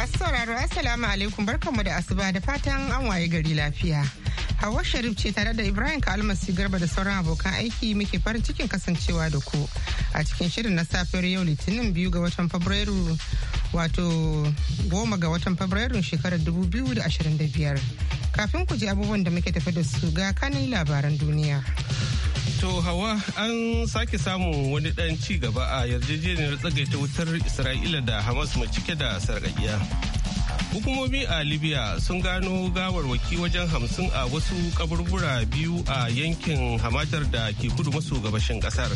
Masu sauraro Assalamu alaikum barkanmu da asuba da fatan an waye gari lafiya. Hawa Sharif ce tare da Ibrahim Kalmasi Garba da sauran abokan aiki muke farin cikin kasancewa da ku a cikin shirin na safiyar yau Litinin biyu ga watan Fabrairu wato goma ga watan Fabrairu shekarar 2025. Kafin ku ji abubuwan da muke tafi da su ga kanin labaran duniya. To hawa an sake samun wani ɗan ci gaba a yarjejeniyar tsagaita wutar Isra'ila da Hamas mai cike da sarƙaƙiya. Hukumomi a Libya sun gano gawarwaki wajen hamsin a wasu kaburbura biyu a yankin hamatar da ke kudu maso gabashin kasar.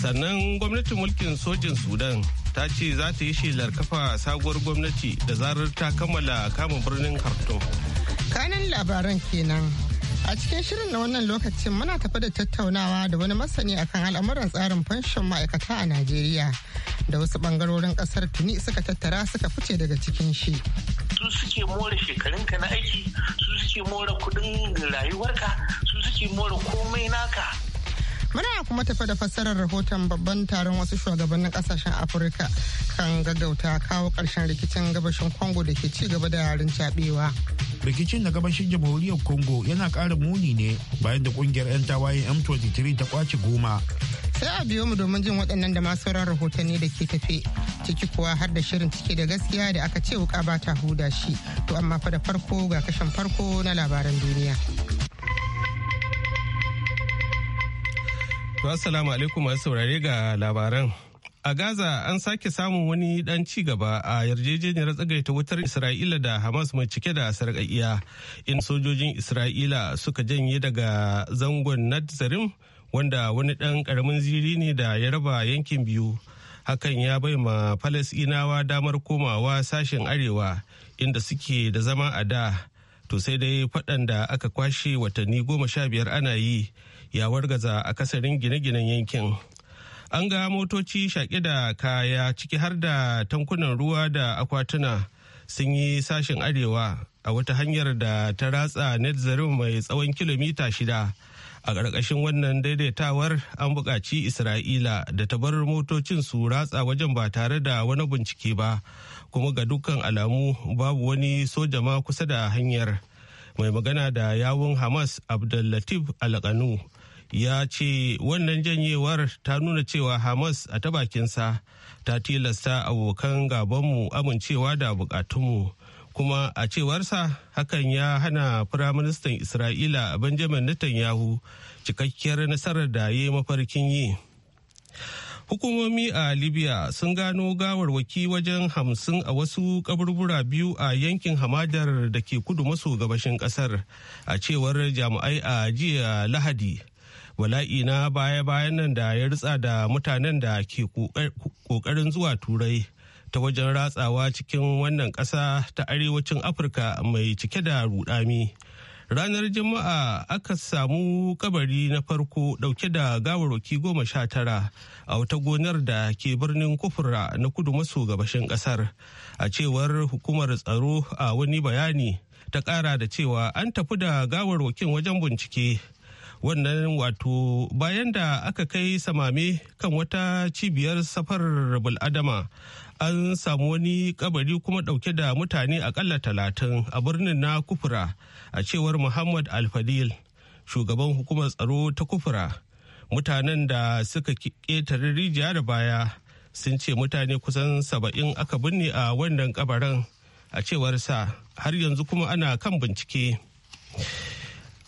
Sannan gwamnatin mulkin sojin Sudan ta ce za ta yi shelar kafa sabuwar gwamnati da zarar ta kammala kama birnin Khartoum. Kanan labaran kenan. A cikin shirin na wannan lokacin muna tafi da tattaunawa da wani masani akan al'amuran tsarin fanshon ma'aikata a Najeriya da wasu bangarorin kasar tuni suka tattara suka fice daga cikin shi. Su suke more shekarunka na aiki, su suke more kudin rayuwarka, su suke more komai naka. Muna kuma tafi da fassarar rahoton babban taron wasu shugabannin kasashen Afirka kan gaggauta kawo ƙarshen rikicin gabashin Kongo da ke ci gaba da rincaɓewa. rikicin na gabashin jamhuriyar congo yana ƙara muni ne bayan da kungiyar 'yan tawayen m23 ta kwace goma sai a biyo mu domin jin waɗannan da masu sauran rahotanni da ke tafe ciki kuwa har da shirin cike da gaskiya da aka ce wuka ba ta huda shi to amma fa da farko ga kashen farko na labaran duniya To assalamu alaikum masu saurare ga labaran. A Gaza an sake samun wani ɗan ci gaba a yarjejeniyar tsagaita wutar Isra'ila da Hamas mai cike da sarƙaƙiya in sojojin Isra'ila suka janye daga zangon Nazarim wanda wani ɗan karamin ziri ne da ya raba yankin biyu. Hakan ya bai ma Falasɗinawa damar komawa sashen Arewa inda suke da zama a da. To sai dai faɗan da aka kwashe watanni goma sha biyar ana yi ya wargaza kasarin gine-ginen yankin. an ga motoci shaƙe da kaya ciki har da tankunan ruwa da akwatuna sun yi sashen arewa a wata hanyar da ta ratsa netzarin mai tsawon kilomita shida a ƙarƙashin wannan daidaitawar an buƙaci isra'ila da ta bar motocin su ratsa wajen ba tare da wani bincike ba kuma ga dukkan alamu babu wani soja ma kusa da hanyar mai magana da yawun hamas abdullatif alƙanu ya ce wannan janyewar ta nuna cewa hamas a ta bakinsa ta tilasta abokan gabanmu amincewa da bukatunmu kuma a cewarsa hakan ya hana firaministan isra'ila benjamin netanyahu cikakkiyar nasarar da ya yi mafarkin yi hukumomi a libya sun gano gawarwaki wajen hamsin a wasu kaburbura biyu a yankin hamadar da ke kudu maso gabashin kasar a cewar jami'ai a jiya lahadi bala'i na baya-bayan nan da ya ritsa da mutanen da ke kokarin zuwa turai ta wajen ratsawa cikin wannan ƙasa ta arewacin afirka mai cike da rudami ranar juma'a aka samu kabari na farko dauke da gawarwaki goma sha tara a wata gonar da ke birnin kufura na kudu maso gabashin kasar a cewar hukumar tsaro a wani bayani ta kara da cewa an tafi da gawarwakin wajen bincike wannan wato bayan da aka kai samame kan wata cibiyar safarar adama an samu wani kabari kuma dauke da mutane akalla talatin a birnin na kufura a cewar muhammad alfadil shugaban hukumar tsaro ta kufura mutanen da suka ƙetare rijiya da baya sun ce mutane kusan saba'in aka binne a wannan kabarin a cewar sa har yanzu kuma ana kan bincike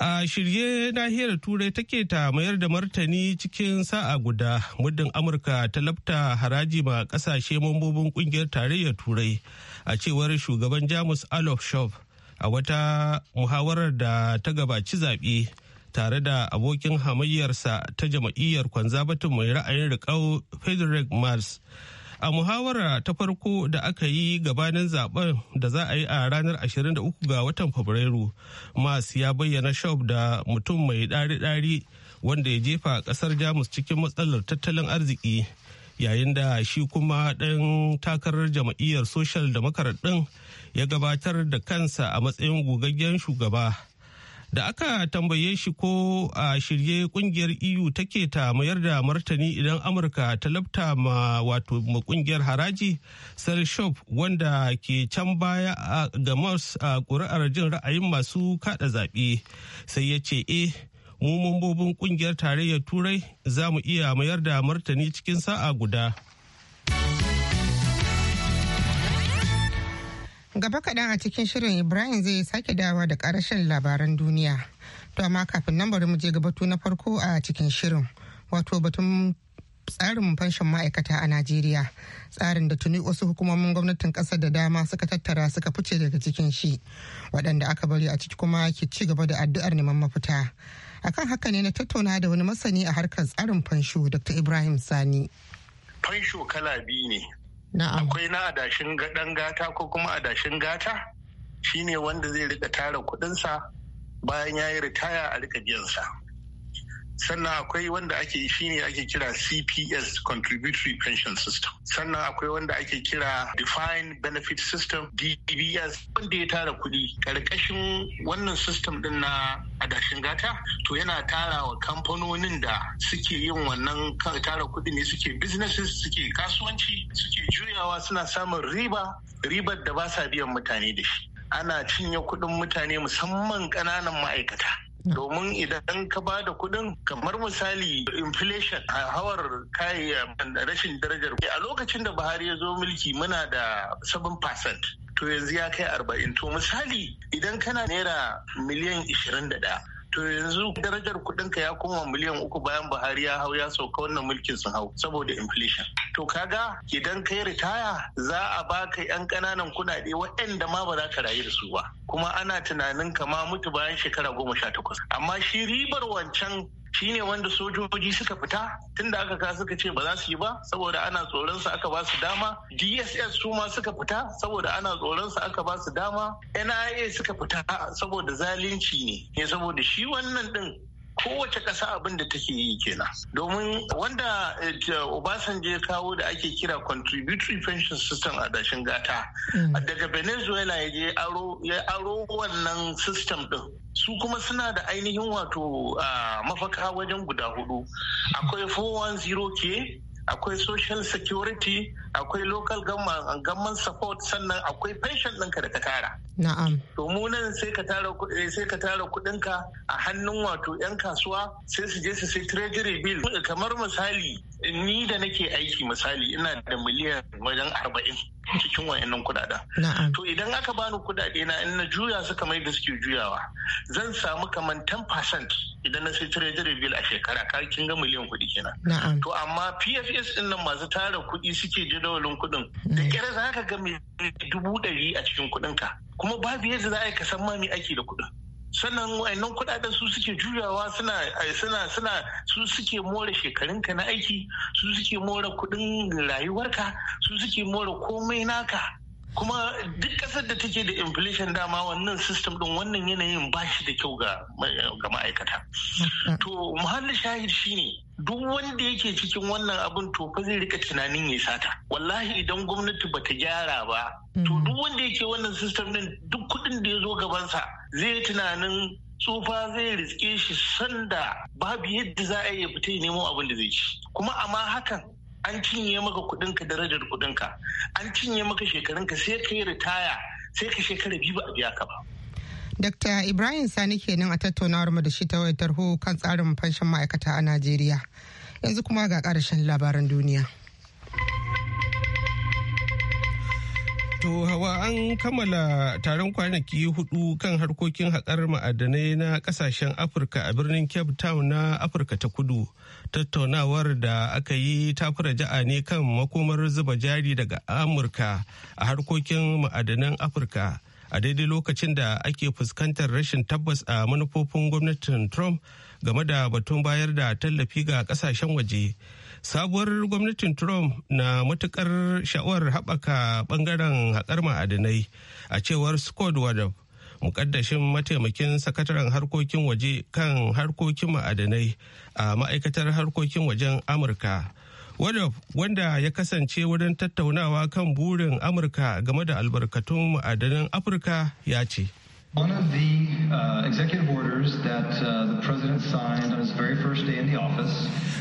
a shirye nahiyar turai take ta mayar da martani cikin sa'a guda muddin amurka ta labta haraji ma kasashe mambobin kungiyar tarayyar turai a cewar shugaban jamus alof shop a wata muhawarar da ta gabaci zaɓe tare da abokin hamayyarsa ta jama'iyyar kwanzabatin mai ra'ayin riƙau frederick mars a muhawara ta farko da aka yi gabanin zaben da za a yi a ranar 23 ga watan fabrairu mas ya bayyana shop da mutum mai ɗari-ɗari wanda ya jefa ƙasar jamus cikin matsalar tattalin arziki yayin da shi kuma ɗan takarar jam'iyyar social da ɗin ya gabatar da kansa a matsayin gugaggen shugaba da aka tambaye shi ko a shirye kungiyar eu take ta mayar da martani idan amurka ta labta ma wato ma kungiyar haraji shop wanda ke can baya ga mars a kuri'ar jin ra'ayin masu kada zaɓe sai ya ce eh mu mambobin kungiyar tarayyar turai za mu iya mayar da martani cikin sa'a guda Gaba kaɗan a cikin shirin Ibrahim zai sake dawa da ƙarashin labaran duniya. To amma kafin nan bari mu je ga na farko a cikin shirin. Wato batun tsarin fanshin ma'aikata a Najeriya. Tsarin da tuni wasu hukumomin gwamnatin ƙasar da dama suka tattara suka fice daga cikin shi. Waɗanda aka bari a ciki kuma ke ci gaba da addu'ar neman mafita. Akan haka ne na tattauna da wani masani a harkar tsarin fansho Dr. Ibrahim Sani. Fansho kala biyu ne. akwai na adashin ɗan gata ko kuma adashin gata shine wanda zai rika tara kuɗinsa bayan ya yi ritaya a rika biyansa sannan akwai wanda ake ne ake kira CPS contributory pension system sannan akwai wanda ake kira defined benefit system DBS wanda ya tara kuɗi karkashin wannan system ɗin na adashin gata to yana tara wa kamfanonin da suke yin wannan tara kuɗi ne suke businesses suke kasuwanci suke juyawa suna samun riba ribar da ba sa biyan mutane da shi ana cinye kuɗin mutane musamman ƙananan ma'aikata domin idan ka ba da kuɗin kamar misali inflation a hawar kai rashin darajar a lokacin da buhari ya zo mulki muna da 7% to yanzu ya kai 40 to misali idan kana naira miliyan 21 to yanzu darajar kuɗin ka ya koma miliyan uku bayan Buhari ya hau ya sauka wannan mulkin sun hau saboda inflation to kaga idan ka yi ritaya za a baka yan ƙananan kuɗaɗe waɗanda ma ba za ka rayu da su ba kuma ana tunanin kama mutu bayan shekara goma sha takwas amma shi ribar wancan Shi ne wanda sojoji suka fita tunda aka ka suka ce ba za su yi ba saboda ana tsoron su aka ba su dama DSS su ma suka fita saboda ana tsoron su aka ba su dama NIA suka fita saboda zalunci ne ne saboda shi wannan din kowace ƙasa abin da take yi kenan domin wanda eh, obasanjo ya kawo da ake kira contributory pension system a dashin gata mm. daga venezuela ya je ya aro wannan system din su kuma suna da ainihin wato ah, mafaka wajen guda hudu akwai 410k akwai social security akwai local government support sannan akwai pension ɗinka da ka tara na'am to mu nan sai ka tara eh, sai ka tara kuɗinka a hannun wato 'yan kasuwa sai su je su sai treasury bill kamar misali ni da nake aiki misali ina da miliyan wajen arba'in cikin wayannan kudaden. To idan aka bani kudade na in na juya su kamar yadda suke juyawa zan samu kamar 10% idan na sai treasury bill a shekara ka kin ga miliyan kuɗi kenan. To amma PFS din nan masu tara kuɗi suke jadawalin kuɗin da kyar mm. za ka ga dubu ɗari a cikin ka kuma babu yadda za a yi ka san ma me ake da kuɗin. sannan wayannan kudaden su suke juyawa eh, suna su suke more shekarunka na aiki su suke more kudin rayuwarka su suke more komai naka kuma duk ƙasar da take da inflation dama wannan system din wannan yanayin ba shi da kyau ga ma'aikata mm-hmm. to muhalli shahid shine duk wanda yake cikin wannan abin to fa zai rika tunanin ya sata wallahi idan gwamnati bata gyara ba to mm-hmm. duk wanda yake wannan system din duk kudin da ya zo gabansa zai tunanin tsufa zai riske shi sanda babu yadda za a yi fita nemo abin da zai ci kuma amma hakan an cinye maka kudinka darajar kudinka an cinye maka shekarunka sai ka yi ritaya sai ka shekara biyu ba a biya ka ba. Dr. Ibrahim Sani kenan a tattaunawar mu da shi ta wayar tarho kan tsarin fanshin ma'aikata a Najeriya. Yanzu kuma ga ƙarashin labaran duniya. To hawa an kammala taron kwanaki hudu kan harkokin haƙar ma'adanai na ƙasashen Afirka a birnin Cape Town na Afirka ta kudu. Tattaunawar da aka yi ta fara ja'a ne kan makomar zuba jari daga Amurka a harkokin ma'adanan Afirka. A daidai lokacin da ake fuskantar rashin tabbas a manufofin gwamnatin Trump game da batun bayar da tallafi ga ƙasashen waje. sabuwar gwamnatin trump na matukar sha'awar haɓaka ɓangaren haƙar ma'adinai a cewar scott wadab mukaddashin mataimakin sakataren harkokin waje kan harkokin ma'adinai a ma'aikatar harkokin wajen amurka wadab wanda ya kasance wurin tattaunawa kan burin amurka game da albarkatun ma'adanan afirka ya ce One of the uh, executive orders that uh, the president signed on his very first day in the office.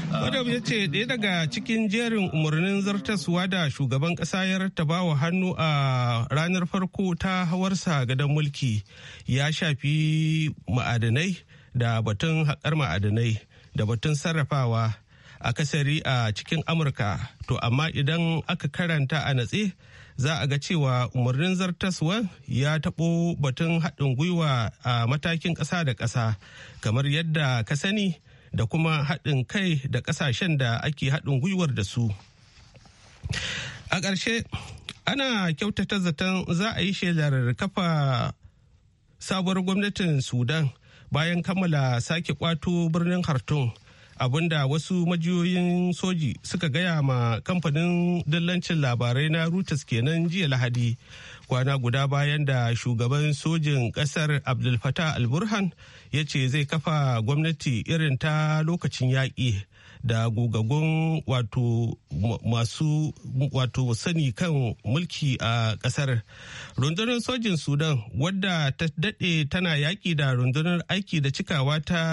Uh, ya ce ɗaya daga cikin jerin umarnin zartaswa da shugaban ƙasa ya rattaba wa hannu a ranar farko ta hawarsa gadon mulki ya shafi ma'adanai da batun haƙar ma'adanai da batun sarrafawa a kasari a cikin Amurka. To amma idan aka karanta a natse za a ga cewa umarnin zartaswa ya taɓo batun haɗin gwiwa a matakin ƙasa da ƙasa kamar yadda ka sani da kuma haɗin kai da ƙasashen da ake haɗin gwiwar da su a ƙarshe ana kyautata zaton za a yi shelar kafa sabuwar gwamnatin sudan bayan kammala sake ƙwato birnin hartun abinda wasu majiyoyin soji suka gaya ma kamfanin dillancin labarai na Reuters kenan jiya Lahadi kwana guda bayan da shugaban sojin kasar Abdulfata Alburhan ya ce zai kafa gwamnati irin ta lokacin yaƙi da gogagon wato masu wato sani kan mulki a kasar rundunar sojin sudan wadda ta daɗe tana yaƙi da rundunar aiki da cikawa ta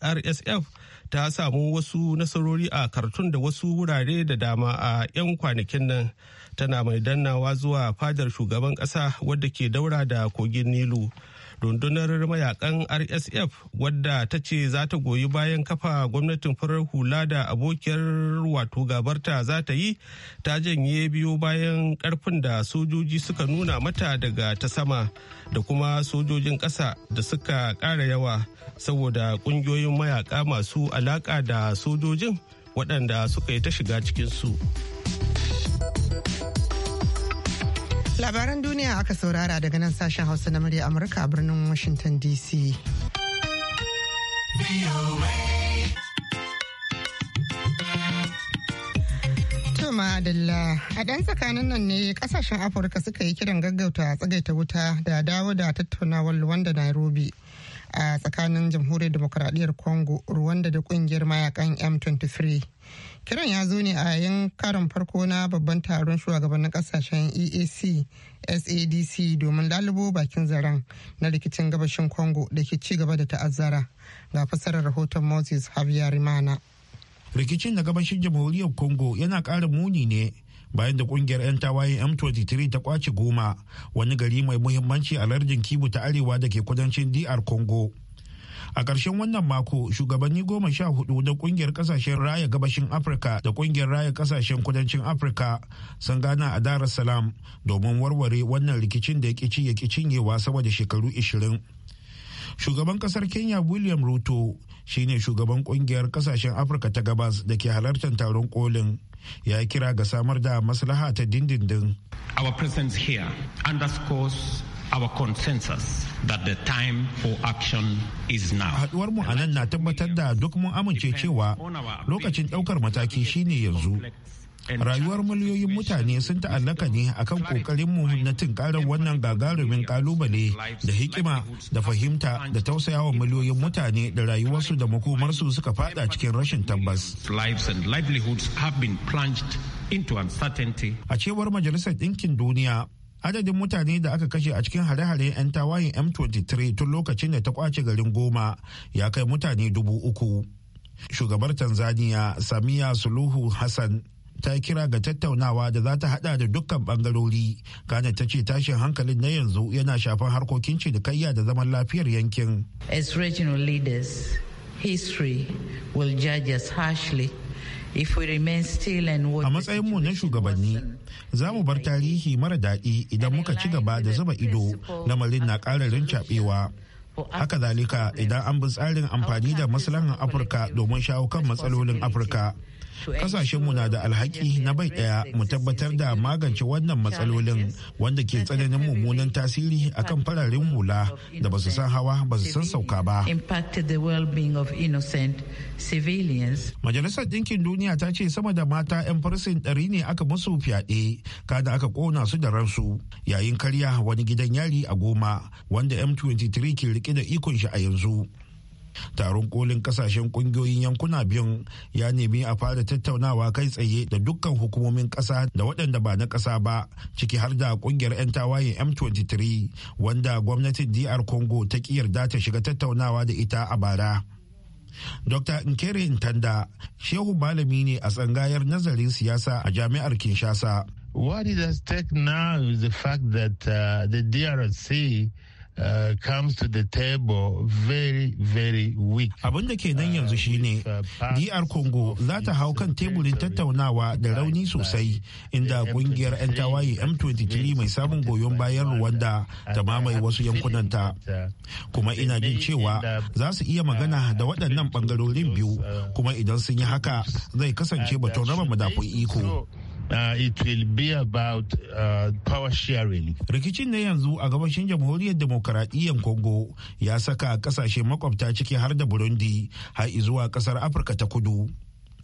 rsf ta samu wasu nasarori a kartun da wasu wurare da dama a 'yan kwanakin nan tana mai dannawa zuwa fadar shugaban ƙasa wadda ke daura da kogin nilu rundunar mayakan rsf wadda ta ce za ta goyi bayan kafa gwamnatin farar hula da abokiyar wato gabarta za ta yi ta janye biyo bayan karfin da sojoji suka nuna mata daga ta sama da kuma sojojin ƙasa da suka ƙara yawa saboda ƙungiyoyin mayaka masu alaƙa da sojojin waɗanda suka yi ta shiga cikinsu. Labaran duniya aka saurara daga nan sashen Hausa na murya Amurka a birnin Washington DC. Madalla a ɗan tsakanin nan ne ƙasashen Afirka suka yi kiran gaggauta a tsagaita wuta da dawo da tattaunawar Luwanda Nairobi a tsakanin jamhuriyar demokradiyyar Congo, ruwanda da ƙungiyar mayakan M23. Kiran ya zo ne a yayin karin farko na babban taron shugabannin kasashen EAC SADC domin lalubo bakin zaren na rikicin gabashin Congo da ke ci gaba da ta'azzara. Ga fasarar rahoton Moses Javier Mana. Rikicin na gabashin jamhuriyar Congo yana ƙara muni ne bayan da kungiyar 'yan tawayen M23 ta kwace goma wani gari mai muhimmanci a lardin Kibu ta arewa da ke kudancin DR Congo a ƙarshen wannan mako shugabanni goma sha hudu na ƙungiyar ƙasashen raya gabashin afirka da ƙungiyar raya kasashen kudancin afirka sun gana a dar es salaam domin warware wannan rikicin da ya ki ya cinyewa sama da shekaru 20 shugaban ƙasar kenya william ruto shine shugaban ƙungiyar ƙasashen afirka ta gabas da ke halartar taron kolin ya kira ga samar da maslaha ta dindindin our presence here our consensus that the time for action is now. Haduwar mu a nan na tabbatar da duk mun amince cewa lokacin daukar mataki shine yanzu. Rayuwar miliyoyin mutane sun ta'allaka ne akan mu na tunkarar wannan gagarumin kalubale da hikima da fahimta da tausayawa miliyoyin mutane da rayuwarsu da makomarsu suka fada cikin rashin tabbas. A cewar Majalisar Ɗinkin Duniya, adadin mutane da aka kashe a cikin hare-haren 'yan tawayin m23 tun lokacin da ta kwace garin goma ya kai mutane dubu uku shugabar tanzania samiya suluhu hassan ta kira ga tattaunawa da za ta hada da dukkan bangarori kana ta ce tashin hankalin na yanzu yana shafan harkokin cinikayya da zaman lafiyar yankin as regional leaders history will judge us harshly A matsayin mu na shugabanni, za mu bar tarihi mara daɗi idan muka ci gaba da zuba ido lamarin na ƙara rincaɓewa. Haka zalika idan an bi tsarin amfani da maslahan Afirka domin shawo kan matsalolin Afirka. Kasashenmu na da alhaki na bai ɗaya mu tabbatar da magance wannan matsalolin wanda ke tsananin mummunan tasiri akan fararen hula da ba su san hawa ba su san sauka ba. Majalisar Ɗinkin Duniya ta ce sama da mata 'yan farsin ɗari ne aka musu fyaɗe kada aka kona su da ransu yayin karya wani gidan yari a goma wanda M23 ke rike da ikon shi a yanzu. taron kolin kasashen kungiyoyin yankuna biyun ya nemi a fara tattaunawa kai tsaye da dukkan hukumomin kasa da waɗanda ba na kasa ba ciki har da kungiyar 'yan tawayen m23 wanda gwamnatin dr congo ta ki yarda ta shiga tattaunawa da ita a bara Dr. Nkere Ntanda, shehu malami ne a tsangayar nazarin siyasa a jami'ar Kinshasa. What is at stake now is the fact that uh, the DRC Uh, comes to the table very very weak. Abin da ke nan yanzu uh, shine DR Congo za ta hau kan teburin tattaunawa da rauni sosai inda kungiyar 'yan tawaye M23 mai samun goyon bayan Rwanda ta mamaye wasu yankunanta. Kuma ina jin cewa za su iya magana uh, da waɗannan ɓangarorin biyu kuma idan sun yi haka zai kasance batun raba madafun iko. Uh, it will be about uh, power sharing. Rikicin na yanzu a gabashin jamhuriyar demokaradiyyar Congo ya saka kasashe makwabta ciki har da Burundi har zuwa kasar Afirka ta kudu.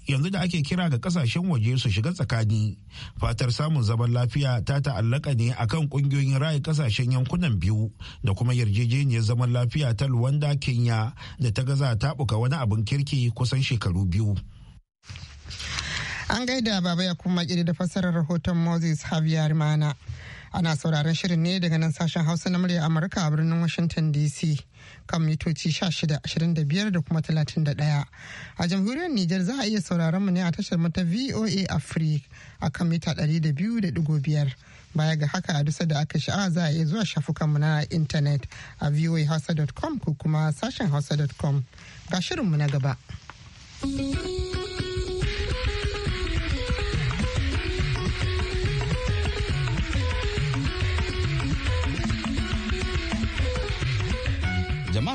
Yanzu da ake kira ga kasashen waje su shiga tsakani, fatar samun zaman lafiya ta ta'allaka ne a kan kungiyoyin rayu kasashen yankunan biyu da kuma yarjejeniyar zaman lafiya ta Luwanda Kenya da ta gaza taɓuka wani abin kirki kusan shekaru biyu. An gaida baba ya kuma kiri da fassarar rahoton Moses Javier Mana. Ana sauraron shirin ne daga nan sashen Hausa na murya Amurka a birnin Washington DC kan mitoci 16-25 da kuma 31. A jamhuriyar Nijar za a iya sauraron mu ne a tashar mata VOA Africa a kan mita 200.5. Baya ga haka a dusa da aka sha'a za a iya zuwa shafukan mu na intanet a voahausa.com ko kuma sashen hausa.com. Ga shirinmu na gaba.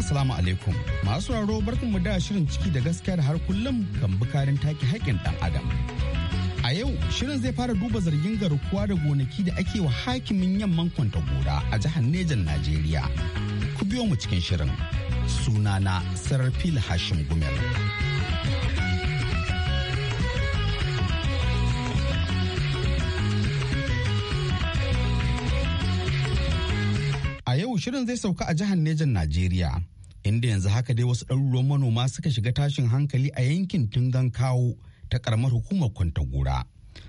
Assalamu alaikum. Masu sauraro barkan mu da shirin ciki da gaskiya da har kullum kan bukarin take haƙƙin ɗan adam. A yau shirin zai fara duba zargin garkuwa da gonaki da ake wa hakimin yamman kwanta gora a jihar Nejan Najeriya. Ku biyo mu cikin shirin. Sunana Sarfil Hashim Gumel. A yau shirin zai sauka a jihar Nejan Najeriya. inda yanzu haka dai wasu ɗaruruwan manoma suka shiga tashin hankali a yankin tungan kawo ta karamar hukumar kwantagura.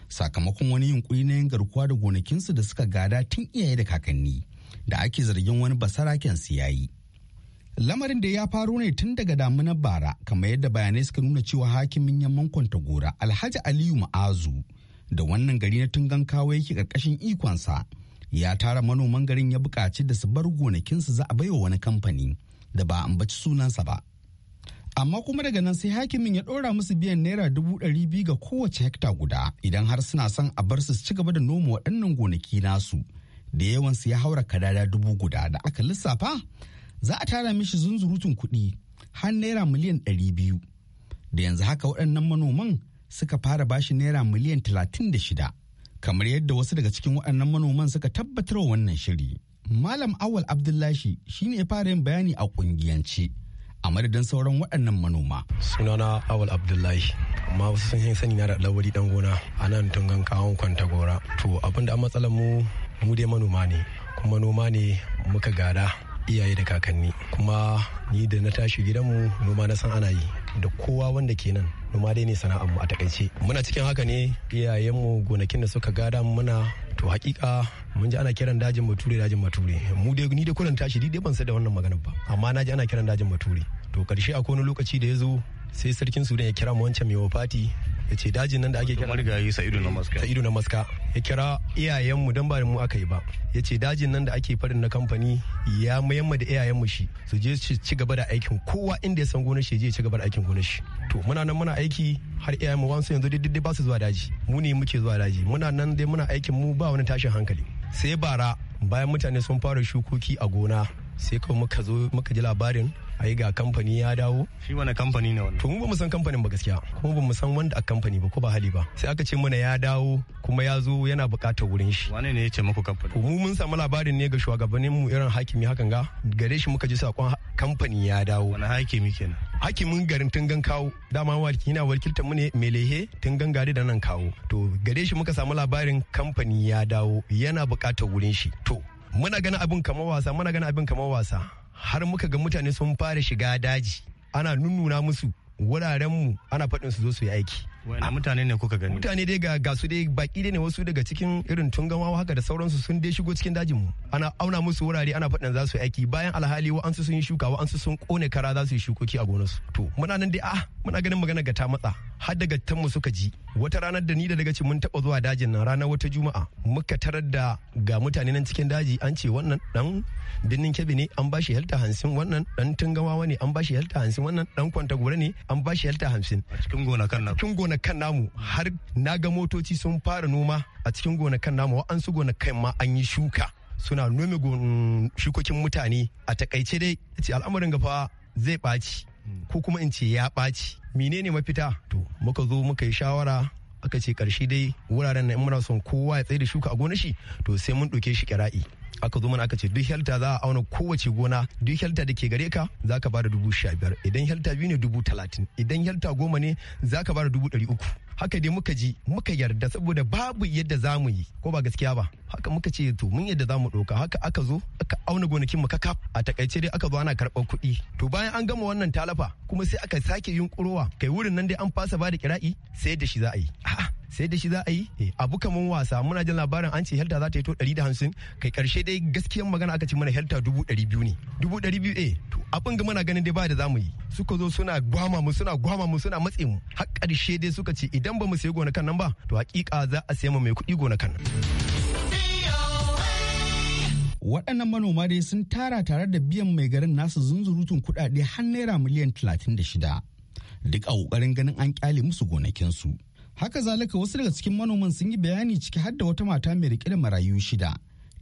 sakamakon wani yunkuri na yin garkuwa da gonakinsu da suka gada tun iyaye da kakanni da ake zargin wani basaraken su yayi lamarin da ya faru ne tun daga damunar bara kamar yadda bayanai suka nuna cewa hakimin yamman gora. alhaji aliyu ma'azu da wannan gari na tungan kawo yake karkashin ikonsa ya tara manoman garin ya buƙaci da su bar gonakinsu za a baiwa wani kamfani da ba ambaci sunansa ba amma kuma daga nan sai hakimin ya ɗora musu biyan naira dubu ɗari biyu ga kowace hekta guda idan har suna son a bar su ci gaba da noma waɗannan gonaki nasu da yawansu ya haura kadada dubu guda da aka lissafa za a tara mishi zunzurutun kuɗi har naira miliyan ɗari biyu da yanzu haka waɗannan manoman suka fara bashi naira miliyan talatin da shida kamar yadda wasu daga cikin waɗannan manoman suka tabbatar wa wannan shiri Malam Awal Abdullahi shine ya fara yin bayani a kungiyance a madadin sauran waɗannan manoma. Sunana Awal Abdullahi, amma wasu sun yin sani na da lawari ɗan gona a nan tungan kawon kwanta gora. To abinda an matsalar mu mu dai manoma ne, kuma noma ne muka gada iyaye da kakanni. Kuma ni da na tashi gidanmu noma na san ana yi da kowa wanda ke nan noma dai ne sana'ar mu a takaice muna cikin haka ne iyayenmu gonakin da suka gada muna to hakika mun ji ana kiran dajin bature dajin bature mu dai ni da kullun tashi dai ban sai da wannan maganar ba amma na ji ana kiran dajin bature to karshe akwai wani lokaci da ya zo sai sarkin sudan ya kira mu wancan mai wafati ya ce dajin nan da ake kira marigayi sa'idu na maska sa'idu na maska ya kira iyayenmu don ba da mu aka yi ba ya ce dajin nan da ake farin na kamfani ya mayamma da iyayenmu shi su je su ci gaba da aikin kowa inda ya san gonar shi je ci gaba da aikin gonar shi to muna nan muna aiki har iyayenmu wasu yanzu dai ba su zuwa daji mu ne muke zuwa daji muna nan dai muna aikin mu ba wani tashin hankali sai bara bayan mutane sun fara shukoki a gona sai kawai muka zo muka ji labarin ai ga kamfani ya dawo shi wani kamfani ne wannan to mu ba mu san kamfanin ba gaskiya kuma ba mu san wanda a kamfani ba ko ba hali ba sai aka ce mana ya dawo kuma ya zo yana buƙatar wurin shi wane ne ya ce muku kamfani mu mun samu labarin ne ga shugabannin mu irin hakimi hakan ga gare shi muka ji sakon kamfani ya dawo wani hakimi kenan hakimin garin tungan kawo dama yana wakiltar mu ne melehe tungan gari da nan kawo to gare shi muka samu labarin kamfani ya dawo yana buƙatar wurin shi to muna ganin abin kamar wasa muna ganin abin kamar wasa har muka ga mutane sun fara shiga daji ana nunnuna musu wuraren mu ana faɗin su zo su yi aiki wani mutane ne kuka gani mutane dai ga gasu dai baki dai ne wasu daga cikin irin tungamawa haka da sauransu sun dai shigo cikin dajin mu ana auna musu wurare ana faɗin za su aiki bayan alhali wa'ansu sun yi shuka wa'ansu sun kone kara za su yi shukoki a gonarsu to muna nan dai ah muna ganin magana ga ta matsa har daga tan mu suka ji wata ranar da ni da daga mun taba zuwa dajin nan ranar wata juma'a muka tarar da ga mutane nan cikin daji an ce wannan dan birnin kebe ne an bashi halta hamsin wannan dan tungamawa ne an bashi halta hamsin wannan dan kwanta gore ne an bashi halta hamsin a cikin kan nan cikin gonakan namu har na ga motoci sun fara noma a cikin gonakan namu waɗansu gonakan ma an yi shuka suna nome mm, shukokin mutane a takaice dai ce al'amarin gafa zai ɓaci ko kuma in ce ya ɓaci menene mafita to muka zo muka yi shawara aka ce karshe dai wuraren na muna son kowa ya tsaye da shuka a gonar shi to sai mun ɗauke shi kira'i aka zo mana aka ce duk helta za a auna kowace gona duk helta da ke gare ka za ka bada dubu sha biyar idan helta biyu ne dubu talatin idan helta goma ne za ka bada dubu ɗari uku haka dai muka ji muka yarda saboda babu yadda za mu yi ko ba gaskiya ba haka muka ce to mun yadda za mu ɗauka haka aka zo aka auna gonakin mu kakaf a takaice dai aka zo ana karɓar kuɗi to bayan an gama wannan talafa kuma sai aka sake yunkurowa kai wurin nan dai an fasa ba da kira'i sai da shi za a yi sai da shi za a yi eh, abu kamar wasa muna jin labarin an ce helta za ta yi to 150 kai karshe dai gaskiyar magana aka ce mana helta 200 ne 200 eh abin gama muna ganin dai ba da zamu yi suka zo suna gwama mu suna gwama mu suna matse mu har ƙarshe dai suka ce idan ba mu sayi gonakan nan ba to hakika za a sayi mu mai kuɗi gonakan nan waɗannan manoma dai sun tara tare da biyan mai garin nasu zunzurutun kuɗaɗe har naira miliyan 36 duk a ƙoƙarin ganin an ƙyale musu gonakinsu haka zalika wasu daga cikin manoman sun yi bayani ciki har da wata mata mai riƙe da marayu shida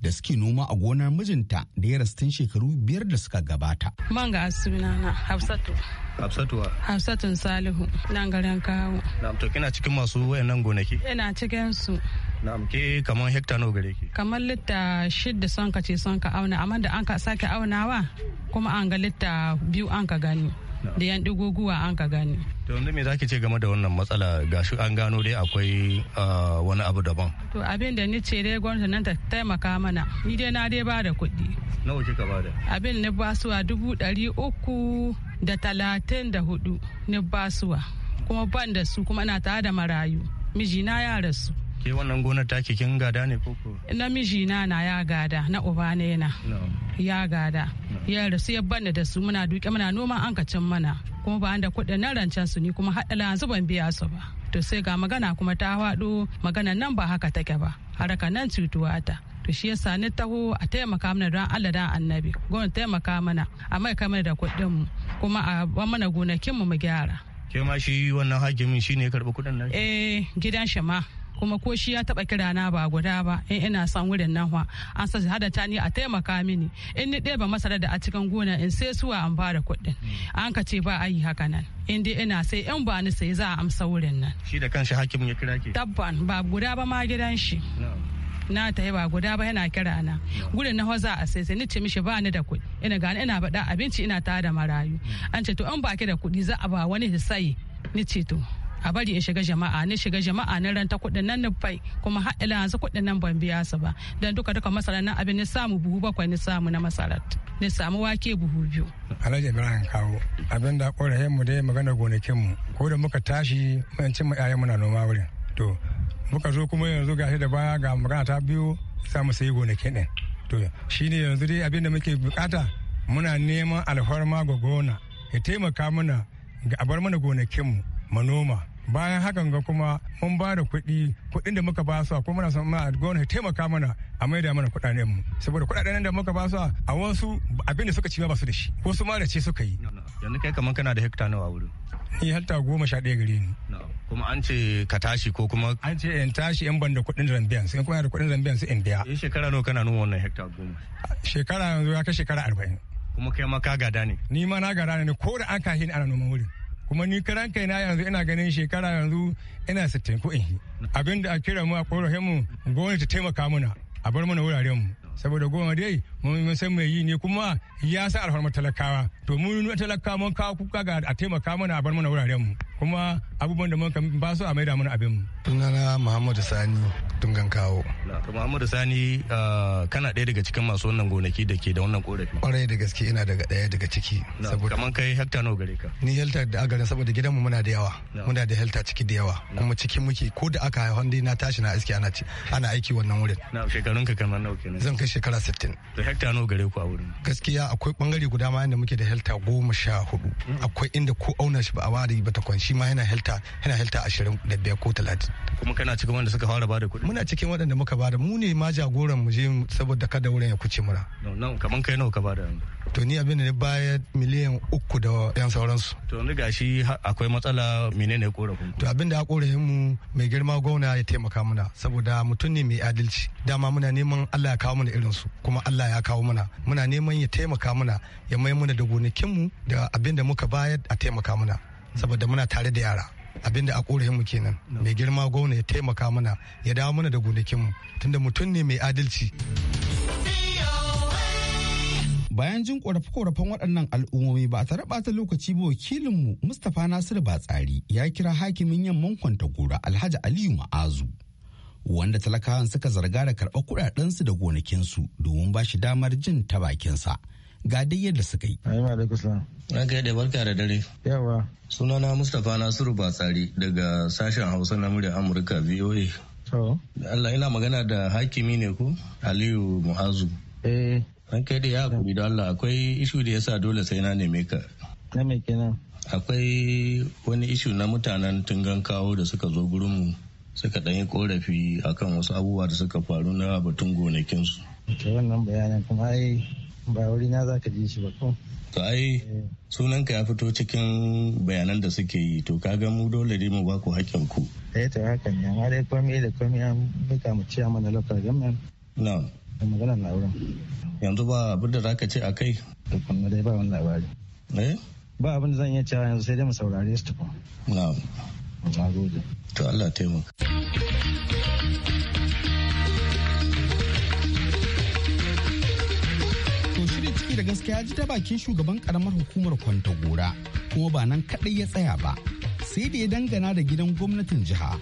da suke noma a gonar mijinta da ya rasu tun shekaru biyar da suka gabata. Man ga na Hafsatu. Hafsatu wa? Hafsatu Salihu nan garin kawo. Na'am to kina cikin masu wayannan gonaki? Ina cikin su. Na'am ke kamar hekta nawa gare ki? Kamar litta shidda son ka ce son ka auna amma da an ka sake aunawa kuma an ga litta biyu an ka gani. da yan ɗigoguwa an ka gane. To wanda me zaki ce game da wannan matsala ga shi an gano dai akwai ah, wani abu daban. To abin da ni ce dai gwamnati nan ta taimaka mana ni dai na dai ba da kuɗi. Nawa kika ba da? Abin ni suwa dubu ɗari uku da talatin da hudu ni suwa kuma ban da su kuma na tare da marayu mijina ya rasu. Ke wannan gonar taki kin gada ne koko? Na mijina na ya gada na uba ne na. ya gada ya rasu ya banna da su muna duke muna noma an ka can mana kuma ba da kuɗin na rancen su ni kuma haɗala yanzu ban biya su ba to sai ga magana kuma ta haɗu magana nan ba haka take ba haraka nan cutuwa ta to shi yasa ni taho a taimaka mana don Allah da annabi gon taimaka mana a mai kamar da kuɗin mu kuma a ba mana gonakin mu mu gyara ke ma shi wannan hakimin shine karɓi kuɗin nan eh gidan shi ma kuma ko shi ya taba kira na ba guda ba in ina son wurin nan wa an sa hada ta ni a taimaka mini in ni ɗeba masara da a cikin gona in sai suwa an ba da kuɗin an ka ce ba a yi haka nan in dai ina sai in ba ni sai za a amsa wurin nan shi da kanshi hakimin ya kira ke tabban ba guda ba ma gidan shi na ta ba guda ba yana kira na gudun na hoza a sai sai ni ce mishi ba ni da kuɗi ina gani ina baɗa abinci ina tare da marayu mm. an ce to in ba da kuɗi za a ba wani sai ni ce to a bari ya shiga jama'a ne shiga jama'a na ranta kuɗin nan nufai kuma haɗa yanzu kuɗin nan ban biya su ba don duka duka masara nan abin ni samu buhu bakwai ni samu na masara ni samu wake buhu biyu. Alhaji Ibrahim kawo abin da ya mu dai magana gonakin mu ko da muka tashi mun ci mu ƴaƴan muna noma wurin to muka zo kuma yanzu shi da baya ga magana ta biyu za mu sayi gonakin ɗin to shine yanzu dai abin da muke bukata muna neman alfarma ga gona ya taimaka mana ga abar mana gonakinmu manoma bayan hakan ga kuma mun ba da kuɗi kuɗin da muka ba su kuma muna son ma gwamnati taimaka mana a maida mana kuɗaɗen mu saboda kuɗaɗen da muka ba su a wasu abin da suka ci ba su da shi ko su ma da ce suka yi yanzu kai kamar kana da hekta nawa wurin ni hekta goma sha ɗaya gare ni kuma an ce ka tashi ko kuma an ce in tashi in ban da kuɗin rambiyan sai kuma da kuɗin rambiyan sai in biya eh, shekara nawa kana nuna wannan hekta goma shekara yanzu ya kai shekara arba'in kuma kai ma ka gada ne ni ma na gada ne ko da an kahin ana noman wurin kuma ni karan kaina yanzu ina ganin shekara yanzu ina sittin kuɗin eh. abin da a kira mu a korafin mu gwamnati ta taimaka mana a bar mana wuraren mu saboda goma dai mun san mai yi ne kuma ya sa alfarma talakawa to mun nuna talakawa mun kawo kuka ga a taimaka mana a bar mana wuraren mu kuma abubuwan da ka ba su a maida mana abin mu sunana muhammadu sani tun gan kawo. Muhammadu Sani ah, kana ɗaya daga cikin masu wannan gonaki da ke da wannan korafi. Kwarai da gaske ina daga ɗaya daga ciki. Saboda kamar kai hekta nawa gare ka? Ni hekta da agarin saboda gidanmu muna da yawa. Muna da hekta ciki da yawa. Kuma cikin muke ko da aka haihu wanda na tashi na aiki ana ci ana aiki wannan wurin. Na shekarun ka kamar nawa kenan? Zan kai shekara 60. To hekta nawa gare ku a wurin? Gaskiya akwai bangare guda ma yanda muke da hekta goma sha hudu. Hmm. Akwai inda ko auna shi ba a wari ba ta kwanci ma yana hekta yana hekta ashirin da biyar ko talatin. Kuma kana cikin wanda suka fara ba da kuɗi? muna cikin waɗanda muka bada mu ne ma jagoran mu je saboda kada wurin ya kuce mura nan kaman kai nawa ka bada to ni abin da ne baya miliyan uku da yan sauransu to ni gashi akwai matsala kora korafin to abin da ya kora mu mai girma gwamna ya taimaka muna saboda mutum ne mai adalci dama muna neman Allah ya kawo mana irin su kuma Allah ya kawo mana muna neman ya taimaka mana ya mai muna da gonakin mu da abin da muka bayar a taimaka mana saboda muna tare da yara abin da a mu kenan mai girma gwamna ya taimaka mana ya dawo mana da gonakin mu tunda mutum ne mai adalci bayan jin korafe-korafen waɗannan al'ummomi ba a tare ɓata lokaci ba wakilinmu mustapha nasir batsari ya kira hakimin yamman kwantagora alhaji aliyu ma'azu wanda talakawan suka zarga da karɓar kuɗaɗensu da gonakinsu domin ba shi damar jin ta bakinsa. ga dai yadda suka yi. Ranka da barka da dare. Yawa. Sunana Mustapha Nasiru Batsari daga sashen Hausa na murya Amurka VOA. Allah ina magana da hakimi ne ko Aliyu Muhazu. Eh. kai da ya kuɗi da Allah akwai ishu da ya sa dole sai na neme ka. Na mai kenan? Akwai wani ishu na mutanen tungan kawo da suka zo gurinmu suka ɗan yi korafi akan wasu abubuwa da suka faru na batun gonakinsu. Ok, wannan bayanan kuma ai ba wuri na za ka ji shi ba ko to ai eh. sunanka ya fito cikin bayanan da suke yi to ka ga mu dole ne mu ba ku haƙƙin ku eh to haka ne amma dai komai da komai an buka mu ciya mana local government na da magana na wurin yanzu ba abin da za ka ce a kai to kuma dai ba wani labari eh ba abin da zan iya cewa yanzu sai dai mu saurare su tukun na na gode to Allah taimaka gaskiya ji ta bakin shugaban karamar hukumar kwanta gora kuma ba nan kadai ya tsaya ba sai da ya dangana da gidan gwamnatin jiha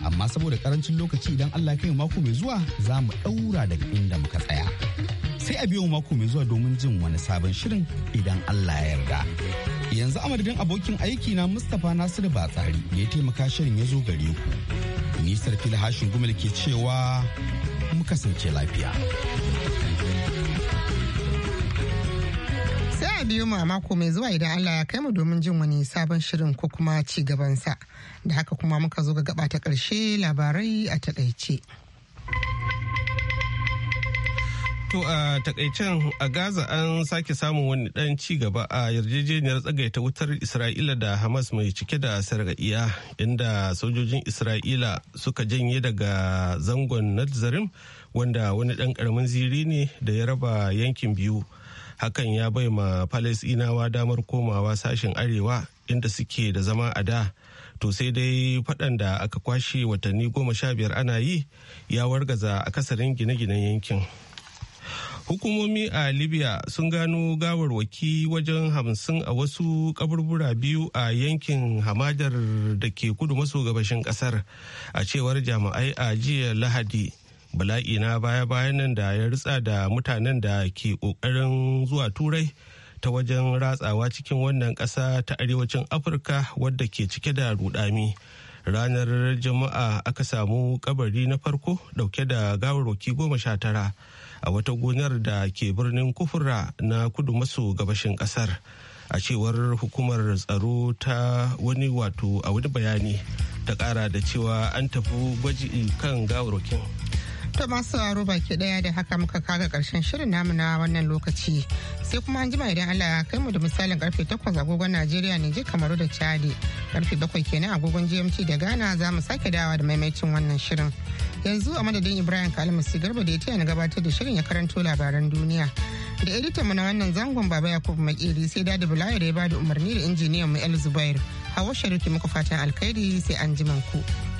amma saboda karancin lokaci idan allah kai mako mai zuwa za mu ɗaura daga inda muka tsaya sai a biyo mako mai zuwa domin jin wani sabon shirin idan allah ya yarda yanzu a madadin abokin aiki na mustapha nasiru batsari ya taimaka shirin ya zo gare ku nisar filhashin hashin gumal ke cewa mu kasance lafiya. biyu biyo mu a mako mai zuwa idan Allah ya kai mu domin jin wani sabon shirin ko kuma ci gabansa. Da haka kuma muka zo ga gaba ta ƙarshe labarai a takaice. To a takaicen a Gaza an sake samun wani dan ci gaba a yarjejeniyar tsagaita wutar Isra'ila da Hamas mai cike da sargaɗiya inda sojojin Isra'ila suka janye daga zangon Nazarim wanda wani dan karamin ziri ne da ya raba yankin biyu. hakan ya bai ma falasinawa damar komawa sashen arewa inda suke da zama a da to sai dai faɗan da aka kwashe watanni goma sha biyar ana yi ya wargaza akasarin gine-ginen yankin hukumomi a libya sun gano gawarwaki wajen hamsin a wasu kaburbura biyu a yankin hamadar da ke kudu maso gabashin kasar a cewar jami'ai a jiya lahadi bala'i na baya-bayan nan da ya ritsa da mutanen da ke kokarin zuwa turai ta wajen ratsawa cikin wannan ƙasa ta arewacin afirka wadda ke cike da rudami ranar jama'a aka samu kabari na farko dauke da gawarwaki goma sha tara a wata gonar da ke birnin kufura na kudu maso gabashin kasar a cewar hukumar tsaro ta wani wato a wani bayani ta kara da cewa an tafi gwaji kan gawarwakin. To masu sauraro baki daya da haka muka kaga karshen shirin namu na wannan lokaci sai kuma an jima idan Allah ya kai mu da misalin karfe 8 agogon Najeriya ne je Kamaru da Chadi karfe 7 kenan agogon GMT da Ghana za mu sake dawa da maimaicin wannan shirin. Yanzu a madadin Ibrahim Kalmasi Garba da ya taya na gabatar da shirin ya karanto labaran duniya. Da editan mu na wannan zangon Baba Yakubu Makeri sai Dadi Bulaya da ya bada umarni da injiniyan mu El Zubair. Hawa Sharifi muka fatan alkhairi sai an ku.